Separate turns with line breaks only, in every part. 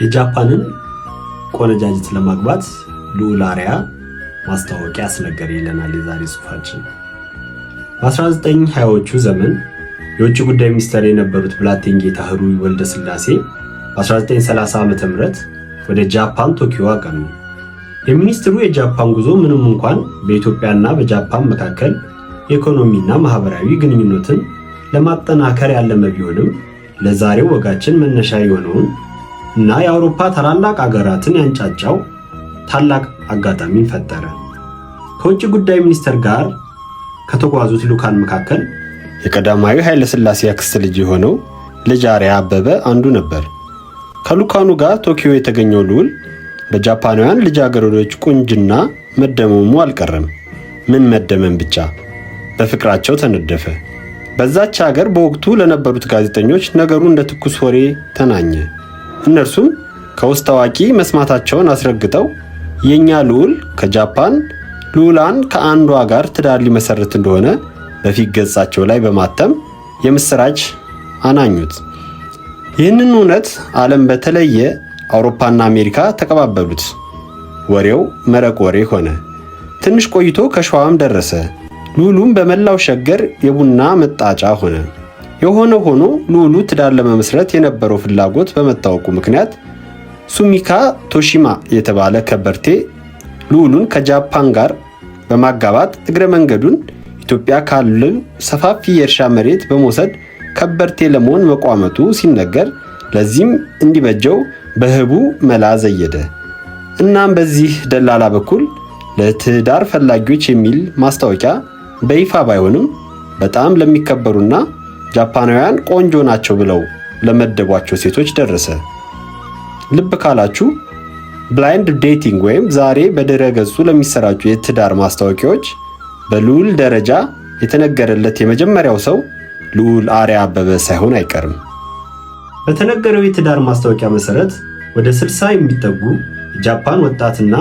የጃፓንን ቆነጃጅት ለማግባት ሉላሪያ ማስታወቂያ አስነገረ ይለናል የዛሬ ጽሑፋችን። በ1920ዎቹ ዘመን የውጭ ጉዳይ ሚኒስተር የነበሩት ብላቴን ጌታ ህሩይ ወልደ ስላሴ በ1930 ዓ ም ወደ ጃፓን ቶኪዮ አቀኑ። የሚኒስትሩ የጃፓን ጉዞ ምንም እንኳን በኢትዮጵያና በጃፓን መካከል የኢኮኖሚና ማህበራዊ ግንኙነትን ለማጠናከር ያለመ ቢሆንም ለዛሬው ወጋችን መነሻ የሆነውን እና የአውሮፓ ታላላቅ አገራትን ያንጫጫው ታላቅ አጋጣሚን ፈጠረ። ከውጭ ጉዳይ ሚኒስቴር ጋር ከተጓዙት ሉካን መካከል የቀዳማዊ ኃይለሥላሴ አክስት ልጅ የሆነው ልጅ አርያ አበበ አንዱ ነበር። ከሉካኑ ጋር ቶኪዮ የተገኘው ልዑል በጃፓናውያን ልጃገረዶች ቁንጅና መደመሙ አልቀረም። ምን መደመም ብቻ፣ በፍቅራቸው ተነደፈ። በዛች ሀገር በወቅቱ ለነበሩት ጋዜጠኞች ነገሩ እንደ ትኩስ ወሬ ተናኘ። እነርሱም ከውስጥ ታዋቂ መስማታቸውን አስረግጠው የእኛ ልዑል ከጃፓን ልዑላን ከአንዷ ጋር ትዳር ሊመሰርት እንደሆነ በፊት ገጻቸው ላይ በማተም የምስራች አናኙት። ይህንን እውነት ዓለም በተለየ አውሮፓና አሜሪካ ተቀባበሉት። ወሬው መረቅ ወሬ ሆነ። ትንሽ ቆይቶ ከሸዋም ደረሰ። ልዑሉም በመላው ሸገር የቡና መጣጫ ሆነ። የሆነ ሆኖ ሉሉ ትዳር ለመመስረት የነበረው ፍላጎት በመታወቁ ምክንያት ሱሚካ ቶሺማ የተባለ ከበርቴ ሉሉን ከጃፓን ጋር በማጋባት እግረ መንገዱን ኢትዮጵያ ካሉ ሰፋፊ የእርሻ መሬት በመውሰድ ከበርቴ ለመሆን መቋመጡ ሲነገር ለዚህም እንዲበጀው በህቡ መላ ዘየደ። እናም በዚህ ደላላ በኩል ለትዳር ፈላጊዎች የሚል ማስታወቂያ በይፋ ባይሆንም በጣም ለሚከበሩና ጃፓናውያን ቆንጆ ናቸው ብለው ለመደቧቸው ሴቶች ደረሰ። ልብ ካላችሁ ብላይንድ ዴቲንግ ወይም ዛሬ በድረ ገጹ ለሚሰራጩ የትዳር ማስታወቂያዎች በልዑል ደረጃ የተነገረለት የመጀመሪያው ሰው ልዑል አርያ አበበ ሳይሆን አይቀርም። በተነገረው የትዳር ማስታወቂያ መሰረት ወደ ስልሳ የሚጠጉ ጃፓን ወጣትና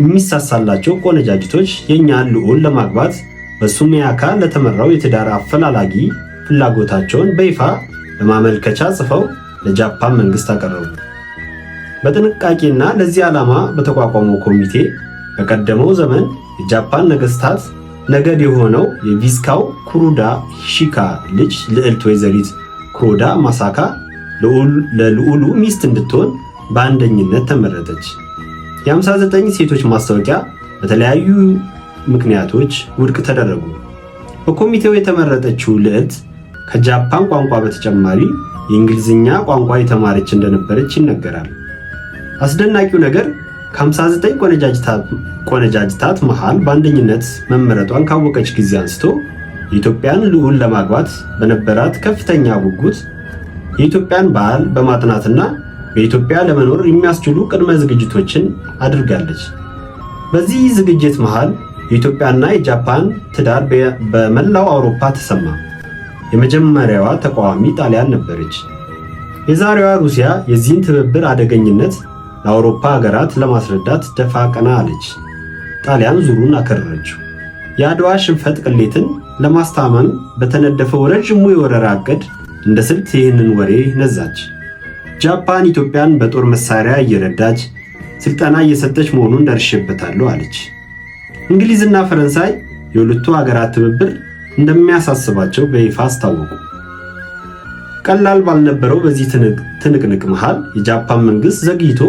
የሚሳሳላቸው ቆነጃጅቶች የእኛን ልዑል ለማግባት በሱም አካል ለተመራው የትዳር አፈላላጊ ፍላጎታቸውን በይፋ በማመልከቻ ጽፈው ለጃፓን መንግስት አቀረቡ። በጥንቃቄና ለዚህ ዓላማ በተቋቋመው ኮሚቴ በቀደመው ዘመን የጃፓን ነገስታት ነገድ የሆነው የቪስካው ኩሩዳ ሺካ ልጅ ልዕልት ወይዘሪት ኩሮዳ ማሳካ ለልዑሉ ሚስት እንድትሆን በአንደኝነት ተመረጠች። የ59 ሴቶች ማስታወቂያ በተለያዩ ምክንያቶች ውድቅ ተደረጉ። በኮሚቴው የተመረጠችው ልዕልት ከጃፓን ቋንቋ በተጨማሪ የእንግሊዝኛ ቋንቋ የተማረች እንደነበረች ይነገራል። አስደናቂው ነገር ከ59 ቆነጃጅታት መሃል በአንደኝነት መመረጧን ካወቀች ጊዜ አንስቶ የኢትዮጵያን ልዑል ለማግባት በነበራት ከፍተኛ ጉጉት የኢትዮጵያን ባህል በማጥናትና በኢትዮጵያ ለመኖር የሚያስችሉ ቅድመ ዝግጅቶችን አድርጋለች። በዚህ ዝግጅት መሃል የኢትዮጵያና የጃፓን ትዳር በመላው አውሮፓ ተሰማ። የመጀመሪያዋ ተቃዋሚ ጣሊያን ነበረች። የዛሬዋ ሩሲያ የዚህን ትብብር አደገኝነት ለአውሮፓ ሀገራት ለማስረዳት ደፋ ቀና አለች። ጣሊያን ዙሩን አከረረችው። የአድዋ ሽንፈት ቅሌትን ለማስታመም በተነደፈው ረዥሙ የወረራ እቅድ እንደ ስልት ይህንን ወሬ ነዛች። ጃፓን ኢትዮጵያን በጦር መሳሪያ እየረዳች ስልጠና እየሰጠች መሆኑን ደርሼበታለሁ አለች። እንግሊዝና ፈረንሳይ የሁለቱ ሀገራት ትብብር እንደሚያሳስባቸው በይፋ አስታወቁ። ቀላል ባልነበረው በዚህ ትንቅንቅ መሃል የጃፓን መንግስት ዘግይቶ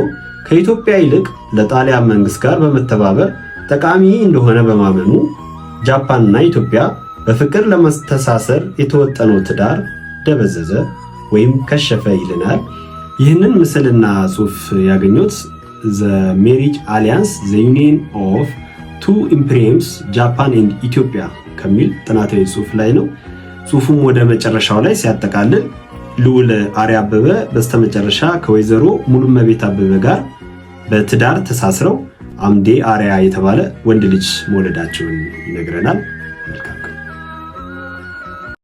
ከኢትዮጵያ ይልቅ ለጣሊያን መንግስት ጋር በመተባበር ጠቃሚ እንደሆነ በማመኑ ጃፓንና ኢትዮጵያ በፍቅር ለመስተሳሰር የተወጠነው ትዳር ደበዘዘ ወይም ከሸፈ ይልናል። ይህንን ምስልና ጽሑፍ ያገኙት ዘ ሜሪጅ አሊያንስ ዘ ዩኒየን ኦፍ ቱ ኢምፕሪምስ ጃፓን ኤንድ ኢትዮጵያ ከሚል ጥናታዊ ጽሁፍ ላይ ነው። ጽሁፉም ወደ መጨረሻው ላይ ሲያጠቃልል ልዑል አሪ አበበ በስተመጨረሻ ከወይዘሮ ሙሉመቤት አበበ ጋር በትዳር ተሳስረው አምዴ አሪያ የተባለ ወንድ ልጅ መውለዳቸውን ይነግረናል። መልካም